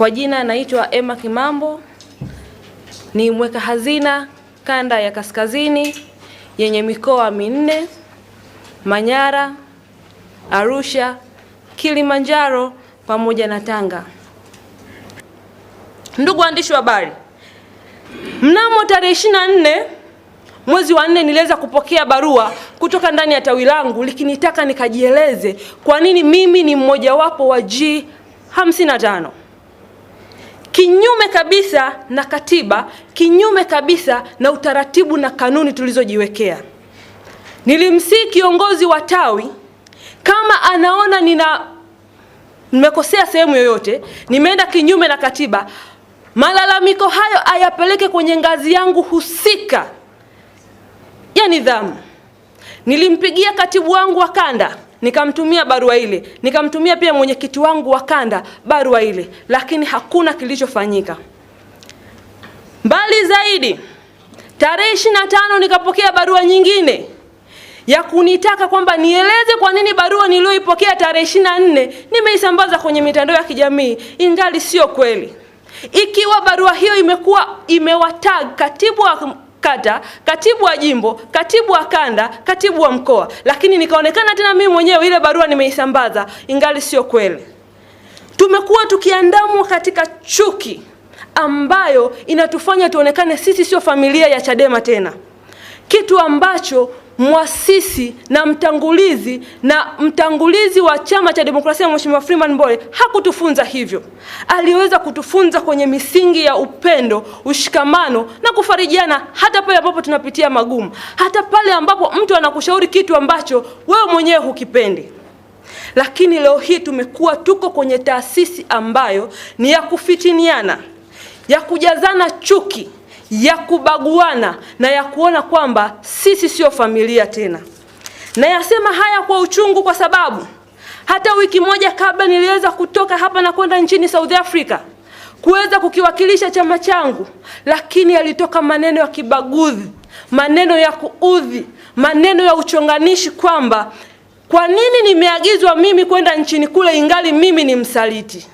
Kwa jina naitwa Emma Kimambo, ni mweka hazina kanda ya kaskazini yenye mikoa minne Manyara, Arusha, Kilimanjaro pamoja na Tanga. Ndugu waandishi wa habari, mnamo tarehe 24 mwezi wa nne niliweza kupokea barua kutoka ndani ya tawi langu likinitaka nikajieleze kwa nini mimi ni mmojawapo wa G55 kinyume kabisa na katiba, kinyume kabisa na utaratibu na kanuni tulizojiwekea. nilimsii kiongozi wa tawi kama anaona nina nimekosea sehemu yoyote, nimeenda kinyume na katiba, malalamiko hayo ayapeleke kwenye ngazi yangu husika ya nidhamu. Nilimpigia katibu wangu wa kanda nikamtumia barua ile, nikamtumia pia mwenyekiti wangu wa kanda barua ile, lakini hakuna kilichofanyika. Mbali zaidi, tarehe tano nikapokea barua nyingine ya kunitaka kwamba nieleze kwa nini barua niliyoipokea tarehe nne nimeisambaza kwenye mitandao ya kijamii ingali sio kweli, ikiwa barua hiyo imekuwa imewatag katibu wa kata, katibu wa jimbo, katibu wa kanda, katibu wa mkoa, lakini nikaonekana tena mimi mwenyewe ile barua nimeisambaza, ingali sio kweli. Tumekuwa tukiandamwa katika chuki ambayo inatufanya tuonekane sisi sio familia ya Chadema tena, kitu ambacho mwasisi na mtangulizi na mtangulizi wa Chama cha Demokrasia, Mheshimiwa Freeman Mbowe hakutufunza hivyo. Aliweza kutufunza kwenye misingi ya upendo, ushikamano na kufarijiana, hata pale ambapo tunapitia magumu, hata pale ambapo mtu anakushauri kitu ambacho wewe mwenyewe hukipendi. Lakini leo hii tumekuwa tuko kwenye taasisi ambayo ni ya kufitiniana, ya kujazana chuki ya kubaguana na ya kuona kwamba sisi siyo familia tena. Nayasema haya kwa uchungu, kwa sababu hata wiki moja kabla niliweza kutoka hapa na kwenda nchini South Africa kuweza kukiwakilisha chama changu, lakini yalitoka maneno ya kibaguzi, maneno ya kuudhi, maneno ya uchonganishi kwamba kwa nini nimeagizwa mimi kwenda nchini kule ingali mimi ni msaliti.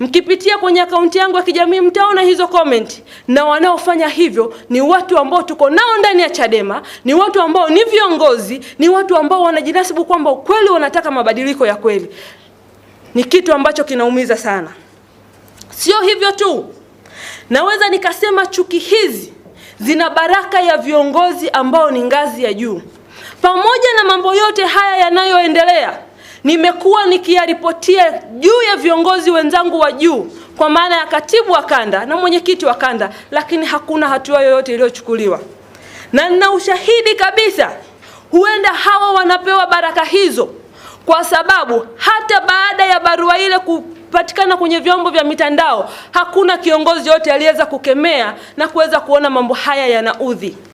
Mkipitia kwenye akaunti yangu ya kijamii mtaona hizo comment, na wanaofanya hivyo ni watu ambao tuko nao ndani ya Chadema, ni watu ambao ni viongozi, ni watu ambao wanajinasibu kwamba ukweli wanataka mabadiliko ya kweli. Ni kitu ambacho kinaumiza sana. Sio hivyo tu, naweza nikasema chuki hizi zina baraka ya viongozi ambao ni ngazi ya juu. Pamoja na mambo yote haya yanayoendelea Nimekuwa nikiyaripotia juu ya viongozi wenzangu wa juu kwa maana ya katibu wa kanda na mwenyekiti wa kanda, lakini hakuna hatua yoyote iliyochukuliwa, na nina ushahidi kabisa, huenda hawa wanapewa baraka hizo, kwa sababu hata baada ya barua ile kupatikana kwenye vyombo vya mitandao, hakuna kiongozi yote aliyeweza kukemea na kuweza kuona mambo haya yanaudhi.